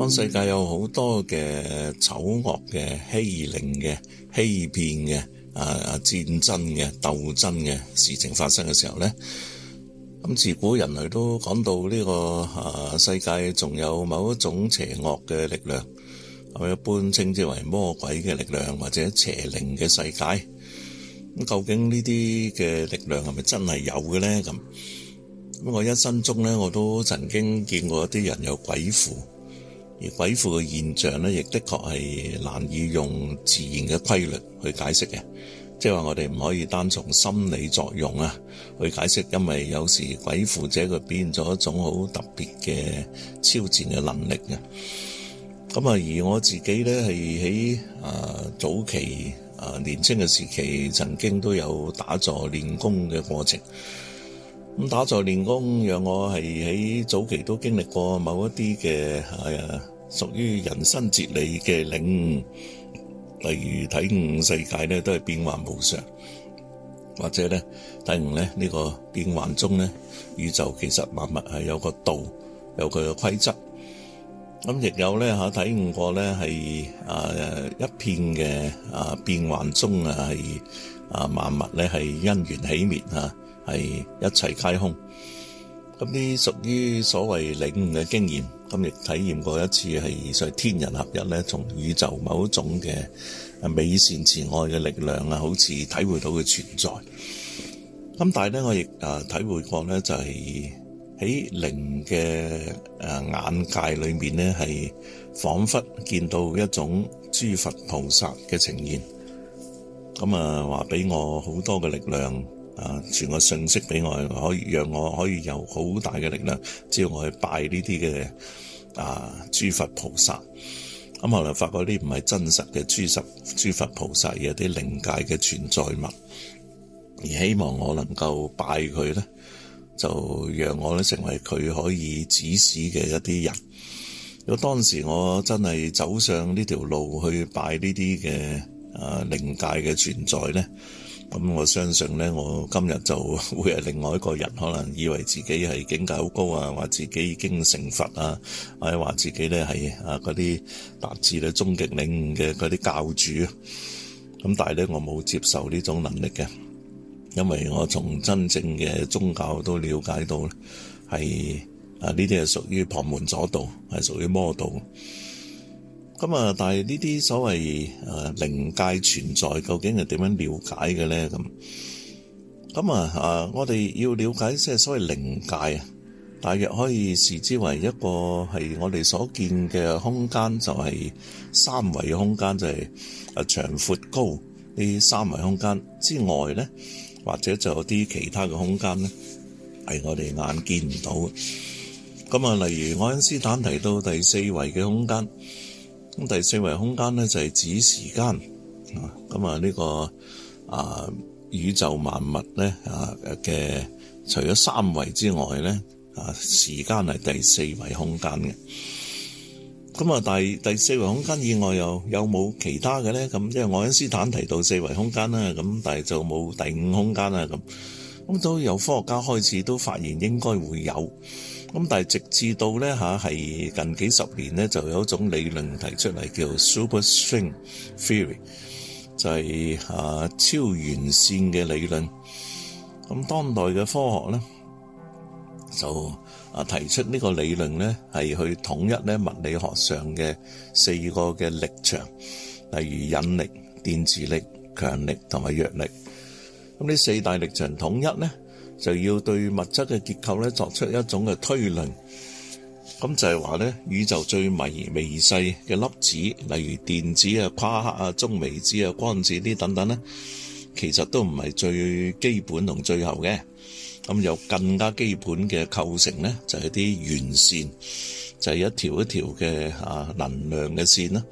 嗯、當世界有好多嘅醜惡嘅欺凌嘅欺騙嘅啊啊戰爭嘅鬥爭嘅事情發生嘅時候呢，咁自古人類都講到呢個啊世界仲有某一種邪惡嘅力量，我一般稱之為魔鬼嘅力量或者邪靈嘅世界。咁究竟呢啲嘅力量係咪真係有嘅呢？咁咁我一生中呢，我都曾經見過一啲人有鬼附。而鬼附嘅現象呢，亦的確係難以用自然嘅規律去解釋嘅，即係話我哋唔可以單從心理作用啊去解釋，因為有時鬼附者佢表現咗一種好特別嘅超前嘅能力嘅。咁啊，而我自己呢，係喺啊早期啊年青嘅時期，曾經都有打坐練功嘅過程。咁打坐練功，讓我係喺早期都經歷過某一啲嘅係啊，屬於人生哲理嘅領悟，例如體悟世界咧都係變幻無常，或者咧體悟咧呢個變幻中咧，宇宙其實萬物係有個道，有佢嘅規則。咁亦有咧吓體悟過咧係啊一片嘅啊變幻中啊係啊萬物咧係因緣起滅啊。係一切皆空，咁啲屬於所謂領悟嘅經驗，咁亦體驗過一次係在天人合一呢從宇宙某種嘅美善慈愛嘅力量啊，好似體會到佢存在。咁但係呢，我亦啊體會過呢就係喺靈嘅誒眼界裏面呢係彷彿見到一種諸佛菩薩嘅呈現。咁啊，話俾我好多嘅力量。啊！傳個信息俾我，可以讓我可以有好大嘅力量，只要我去拜呢啲嘅啊，諸佛菩薩。咁、啊、後來發覺啲唔係真實嘅諸十諸佛菩薩，而係啲靈界嘅存在物，而希望我能夠拜佢呢就讓我咧成為佢可以指使嘅一啲人。如果當時我真係走上呢條路去拜呢啲嘅啊靈界嘅存在呢。咁我相信咧，我今日就會係另外一個人，可能以為自己係境界好高啊，話自己已經成佛啊，或者話自己咧係啊嗰啲達至咧終極領悟嘅嗰啲教主。咁但係呢，我冇接受呢種能力嘅，因為我從真正嘅宗教都了解到，係啊呢啲係屬於旁門左道，係屬於魔道。咁啊！但係呢啲所謂誒、呃、靈界存在，究竟係點樣了解嘅咧？咁咁啊！啊、呃，我哋要了解即係所謂靈界啊，大約可以視之為一個係我哋所見嘅空間，就係、是、三維空間，就係、是、啊長闊、闊、高呢三維空間之外咧，或者就有啲其他嘅空間咧，係我哋眼見唔到。咁啊，例如愛因斯坦提到第四維嘅空間。第四維空間咧，就係指時間，咁啊呢個啊宇宙萬物咧，啊嘅除咗三維之外咧，啊時間係第四維空間嘅，咁啊第四第四維空間以外又，又有冇其他嘅咧？咁因為愛因斯坦提到四維空間啦，咁但係就冇第五空間啦，咁咁都有科學家開始都發現應該會有。咁但係直至到咧嚇係近幾十年咧，就有一種理論提出嚟，叫 superstring theory，就係嚇超弦線嘅理論。咁當代嘅科學咧就啊提出呢個理論咧，係去統一咧物理學上嘅四個嘅力場，例如引力、電磁力、強力同埋弱力。咁呢四大力場統一咧，就要對物質嘅結構咧作出一種嘅推論，咁就係話咧宇宙最微微細嘅粒子，例如電子啊、夸克啊、中微子啊、光子啲等等咧，其實都唔係最基本同最後嘅，咁有更加基本嘅構成咧就係啲弦線，就係、是、一條一條嘅啊能量嘅線啦，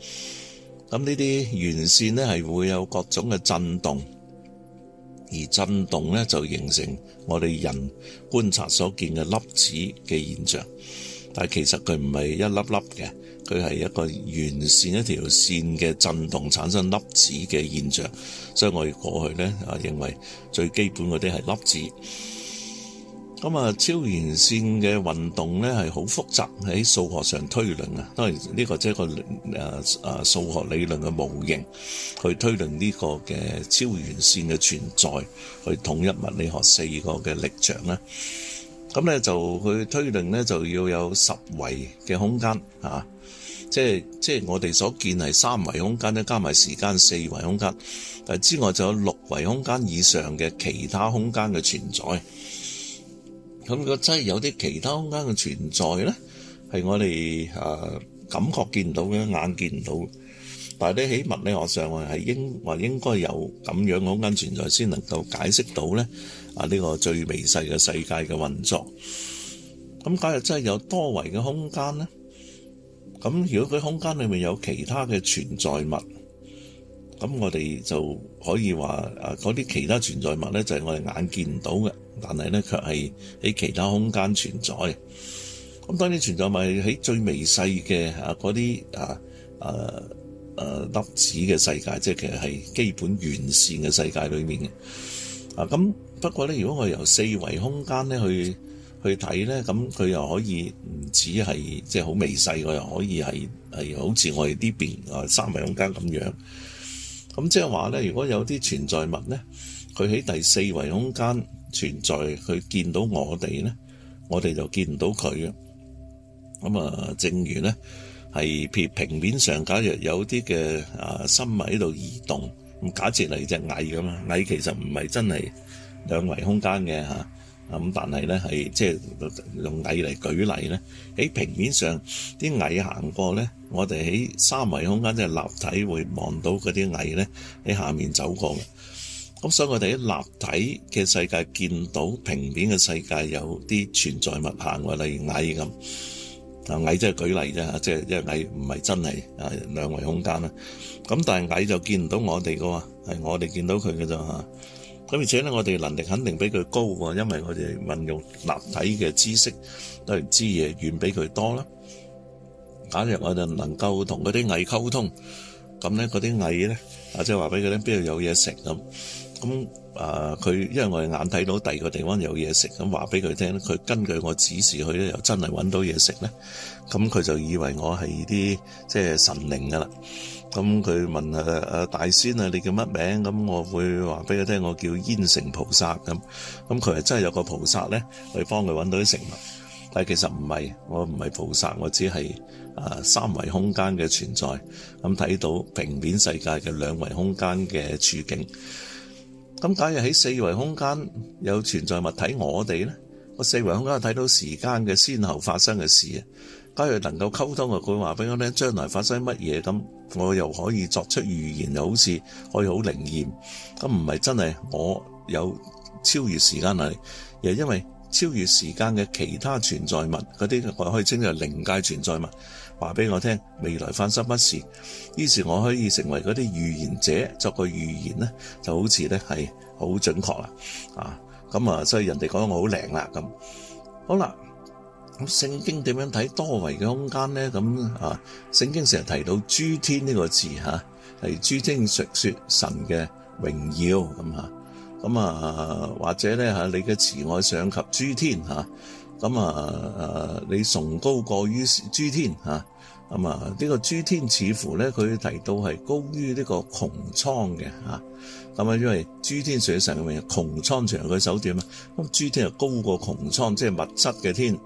咁呢啲弦線咧係會有各種嘅震動。而震動咧就形成我哋人觀察所見嘅粒子嘅現象，但係其實佢唔係一粒粒嘅，佢係一個弦線一條線嘅震動產生粒子嘅現象，所以我哋過去咧啊認為最基本嗰啲係粒子。咁啊，超弦線嘅運動咧，係好複雜喺數學上推論啊。當然呢個即係個誒誒數學理論嘅模型去推論呢個嘅超弦線嘅存在，去統一物理學四個嘅力場咧。咁、嗯、咧就去推論咧，就要有十維嘅空間啊，即係即係我哋所見係三維空間，都加埋時間四維空間，但之外就有六維空間以上嘅其他空間嘅存在。咁個真係有啲其他空間嘅存在咧，係我哋啊感覺見到嘅，眼見唔到。但係咧喺物理學上話係應話應該有咁樣空間存在，先能夠解釋到咧啊呢個最微細嘅世界嘅運作。咁假如真係有多維嘅空間咧，咁如果佢空間裏面有其他嘅存在物，咁我哋就可以話啊嗰啲其他存在物咧，就係我哋眼見唔到嘅。但係咧，卻係喺其他空間存在。咁當然存在物喺最微細嘅啊，嗰啲啊，誒誒粒子嘅世界，即係其實係基本完善嘅世界裏面嘅啊。咁不過咧，如果我由四維空間咧去去睇咧，咁佢又可以唔止係即係好微細，佢又可以係係好似我哋呢邊啊三維空間咁樣。咁即係話咧，如果有啲存在物咧，佢喺第四維空間。存在，佢見到我哋咧，我哋就見唔到佢嘅。咁啊，正如咧係譬如平面上，假如有啲嘅啊生物喺度移動。咁假設嚟隻蟻咁嘛。蟻其實唔係真係兩維空間嘅嚇。咁但係咧係即係用蟻嚟舉例咧，喺平面上啲蟻行過咧，我哋喺三維空間即係立體會望到嗰啲蟻咧喺下面走過嘅。咁所以我哋喺立體嘅世界見到平面嘅世界有啲存在物行喎，例如蟻咁啊，蟻即係舉例啫，即係即係蟻唔係真係啊兩維空間啦。咁但係蟻就見唔到我哋噶喎，係我哋見到佢嘅咋吓。咁而且咧，我哋能力肯定比佢高喎，因為我哋運用立體嘅知識嚟知嘢，遠比佢多啦。假若我哋能夠同嗰啲蟻溝通，咁咧嗰啲蟻咧啊，即係話俾佢咧，邊度有嘢食咁。咁啊！佢、呃、因為我眼睇到第二個地方有嘢食，咁話俾佢聽，佢根據我指示去咧，又真係揾到嘢食咧。咁佢就以為我係啲即係神靈噶啦。咁佢問啊，啊大仙啊，你叫乜名？咁我會話俾佢聽，我叫燕城菩薩咁。咁佢係真係有個菩薩咧，去幫佢揾到啲食物，但係其實唔係，我唔係菩薩，我只係啊三維空間嘅存在。咁睇到平面世界嘅兩維空間嘅處境。咁假如喺四維空間有存在物體，我哋呢個四維空間睇到時間嘅先後發生嘅事啊。假如能夠溝通，佢話俾我聽，將來發生乜嘢咁，我又可以作出預言，又好似可以好靈驗咁，唔係真係我有超越時間嚟，而係因為超越時間嘅其他存在物嗰啲，我可以稱為靈界存在物。話俾我聽，未來發生乜事，於是我可以成為嗰啲預言者，作個預言呢，就好似呢係好準確啦，啊，咁啊，所以人哋講得我好靈啦，咁好啦，咁聖經點樣睇多維嘅空間呢？咁啊，聖經成日提到諸天呢個字吓，係、啊、諸天述說神嘅榮耀咁吓，咁啊，啊或者呢，吓、啊，你嘅慈愛上及諸天吓。啊咁啊，誒，你崇高過於諸天嚇，咁啊，呢、啊這個諸天似乎咧，佢提到係高於呢個穹蒼嘅嚇，咁啊，啊，因為諸天、啊啊、天是神嘅名，穹蒼長佢手段啊，咁諸天又高過穹蒼，即係物質嘅天，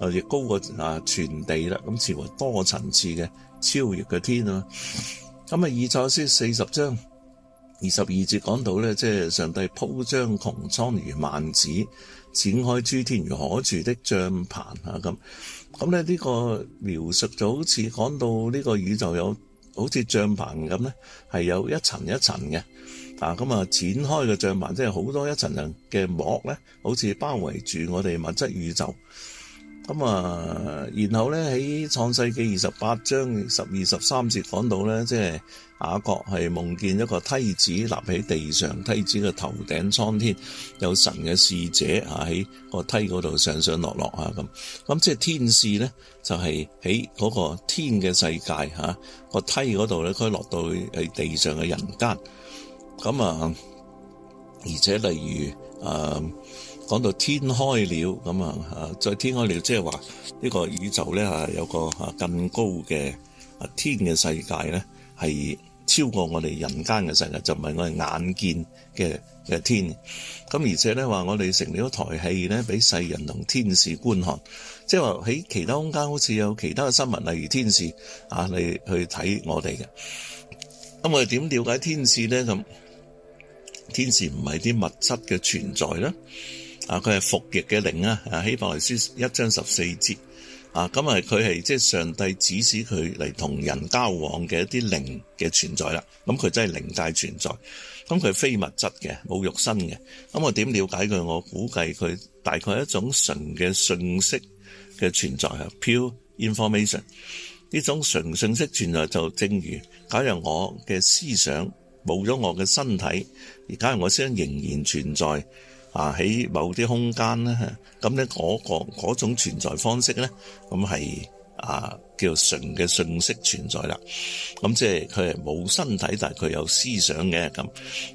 又亦高過啊全地啦，咁似乎多層次嘅超越嘅天啊，咁啊，以賽亞四十章二十二節講到咧，即係上帝鋪張穹蒼如幔子。展開諸天如可住的帳棚啊！咁咁，咧呢個描述就好似講到呢個宇宙有好似帳棚咁呢係有一層一層嘅啊！咁啊，展開嘅帳棚即係好多一層層嘅膜呢，好似包圍住我哋物質宇宙。咁啊、嗯，然後呢，喺創世記二十八章十二十三節講到呢，即係雅各係夢見一個梯子立喺地上，梯子嘅頭頂蒼天，有神嘅使者啊喺個梯嗰度上，上上落落啊咁。咁即係天使呢，就係喺嗰個天嘅世界吓個、啊、梯嗰度呢，可以落到喺地上嘅人間。咁啊，而且例如啊。講到天開了咁啊，再天開了，即係話呢個宇宙咧，係、啊、有個更高嘅、啊、天嘅世界咧，係超過我哋人間嘅世界，就唔係我哋眼見嘅嘅天。咁、啊、而且咧，話我哋成咗一台戲咧，俾世人同天使觀看，即係話喺其他空間好似有其他嘅生物，例如天使啊，你去睇我哋嘅。咁、啊、我哋點了解天使咧？咁天使唔係啲物質嘅存在啦。啊！佢係服役嘅靈啊！《希伯來書》一章十四節啊，咁啊佢係即係上帝指使佢嚟同人交往嘅一啲靈嘅存在啦。咁、啊、佢真係靈界存在，咁、啊、佢係非物質嘅，冇肉身嘅。咁、啊、我點了解佢？我估計佢大概一種純嘅信息嘅存在啊。Pure information 呢種純信息存在就正如，假如我嘅思想冇咗我嘅身體，而假如我思想仍然存在。啊！喺某啲空間呢，咁呢嗰個嗰種存在方式呢，咁係啊～叫神嘅信息存在啦，咁即係佢係冇身體，但係佢有思想嘅咁。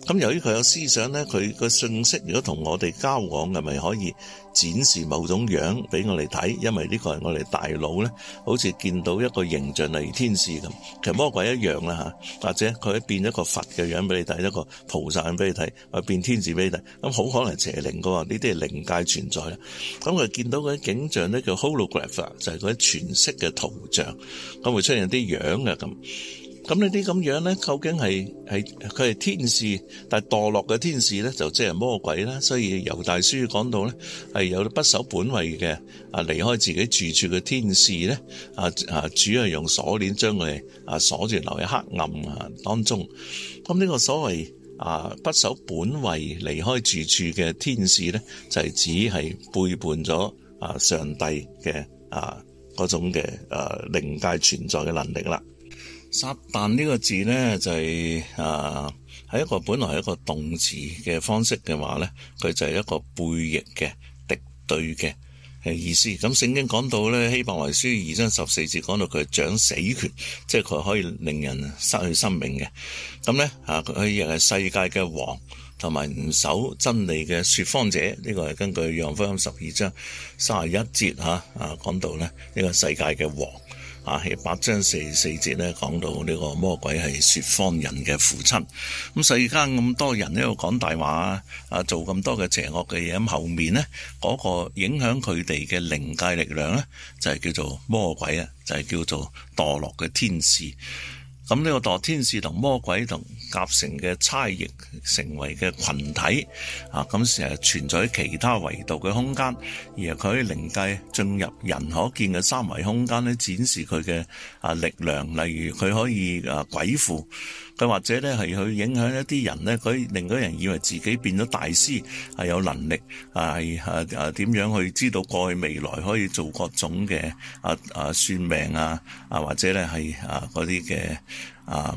咁由於佢有思想咧，佢個信息如果同我哋交往，係咪可以展示某種樣俾我哋睇？因為呢個係我哋大腦咧，好似見到一個形象係天使咁，其實魔鬼一樣啦吓。或者佢變一個佛嘅樣俾你睇，一個菩薩俾你睇，或變天使俾你睇，咁好可能邪靈噶喎。呢啲係靈界存在啦。咁佢見到嗰啲景象咧，叫 holograph，就係嗰啲全息嘅圖。咁會出現啲樣嘅咁，咁呢啲咁樣咧，究竟係係佢係天使，但係墮落嘅天使咧就即係魔鬼啦。所以《猶大書》講到咧，係有不守本位嘅啊，離開自己住處嘅天使咧啊啊，主要係用鎖鏈將佢哋啊鎖住，留喺黑暗啊當中。咁呢個所謂啊不守本位離開住處嘅天使咧，就係指係背叛咗啊上帝嘅啊。嗰種嘅誒、呃、靈界存在嘅能力啦，撒旦呢個字呢，就係誒係一個本來係一個動詞嘅方式嘅話呢，佢就係一個背逆嘅敵對嘅意思。咁、嗯、聖經講到呢，希伯來書二章十四節講到佢係掌死權，即係佢可以令人失去生命嘅。咁、嗯、呢，啊、嗯，佢亦係世界嘅王。同埋唔守真理嘅説謊者，呢個係根據《約翰福音》十二章三十一節嚇啊講到咧，呢個世界嘅王啊，八章四十四節咧講到呢個魔鬼係説謊人嘅父親。咁、啊、世間咁多人喺度講大話啊，做咁多嘅邪惡嘅嘢，咁、啊、後面呢嗰、那個影響佢哋嘅靈界力量呢，就係、是、叫做魔鬼啊，就係、是、叫做墮落嘅天使。咁呢、這個墮天使同魔鬼同夾成嘅差異成為嘅群體啊，咁成日存在喺其他維度嘅空間，而佢可以靈界進入人可見嘅三維空間咧，展示佢嘅啊力量。例如佢可以啊鬼附，佢或者咧係去影響一啲人咧，佢令到人以為自己變咗大師，係、啊、有能力啊，係啊啊點樣去知道過去未來，可以做各種嘅啊啊算命啊啊，或者咧係啊嗰啲嘅。啊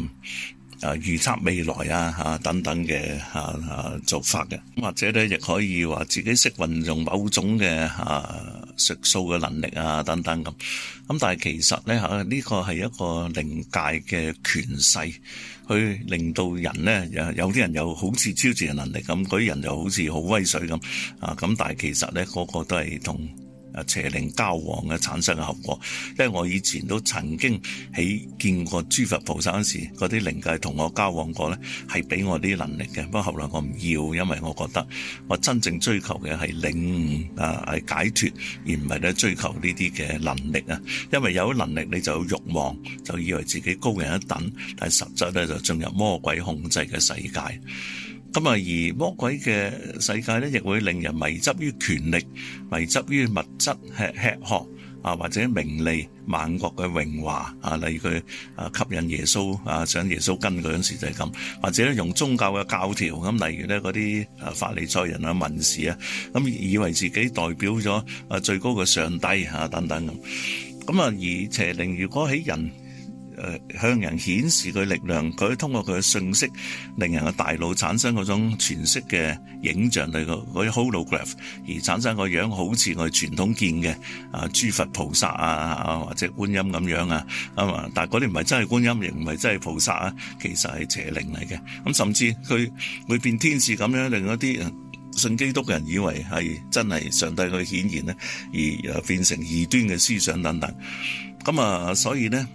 啊！預測未來啊吓等等嘅啊啊，啊做法嘅或者咧亦可以話自己識運用某種嘅吓、啊、術數嘅能力啊等等咁。咁但係其實咧吓呢個係、呃、一個靈界嘅權勢，去令到人咧有啲人又好似超自然能力咁，嗰啲人又好似好威水咁啊。咁但係其實咧、這個個都係同。邪靈交往嘅產生嘅後果，因為我以前都曾經喺見過諸佛菩薩時，嗰啲靈界同我交往過呢係俾我啲能力嘅。不過後來我唔要，因為我覺得我真正追求嘅係領悟啊係解脫，而唔係咧追求呢啲嘅能力啊。因為有能力你就有慾望，就以為自己高人一等，但係實質咧就進入魔鬼控制嘅世界。咁啊，而魔鬼嘅世界咧，亦會令人迷執於權力、迷執於物質吃、吃吃喝啊，或者名利、萬國嘅榮華啊，例如佢啊吸引耶穌啊，想耶穌跟佢嗰陣時就係咁，或者用宗教嘅教條咁，例如咧嗰啲啊法利賽人啊、文士啊，咁以為自己代表咗啊最高嘅上帝啊等等咁。咁啊，而邪靈如果喺人，誒向人顯示佢力量，佢通過佢嘅信息，令人嘅大腦產生嗰種全息嘅影像，例如嗰啲 holograph，而產生個樣好似我哋傳統見嘅啊，諸佛菩薩啊，或者觀音咁樣啊。咁啊，但係嗰啲唔係真係觀音，亦唔係真係菩薩啊，其實係邪靈嚟嘅。咁甚至佢會變天使咁樣，令一啲信基督嘅人以為係真係上帝佢顯現咧，而變成異端嘅思想等等。咁啊，所以咧。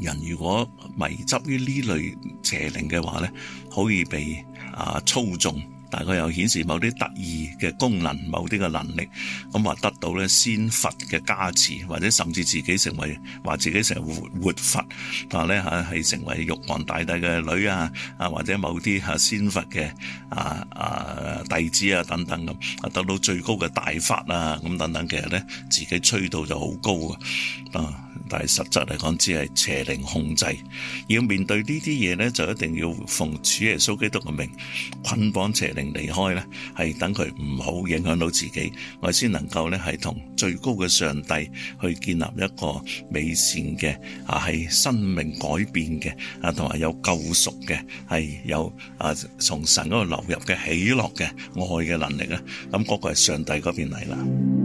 人如果迷執於呢類邪靈嘅話咧，好易被啊操縱。但佢又顯示某啲得意嘅功能，某啲嘅能力，咁話得到咧先佛嘅加持，或者甚至自己成為話自己成日活活佛，話咧吓係成為玉皇大帝嘅女啊，啊或者某啲吓先佛嘅啊啊弟子啊等等咁，得到最高嘅大法啊，咁等等其實咧自己吹到就好高啊，但係實質嚟講只係邪靈控制。要面對呢啲嘢咧，就一定要奉主耶穌基督嘅名捆綁邪靈。離開咧，係等佢唔好影響到自己，我先能夠咧係同最高嘅上帝去建立一個美善嘅啊，係生命改變嘅啊，同埋有救贖嘅，係有啊從神嗰度流入嘅喜樂嘅愛嘅能力咧，咁、那、嗰個係上帝嗰邊嚟啦。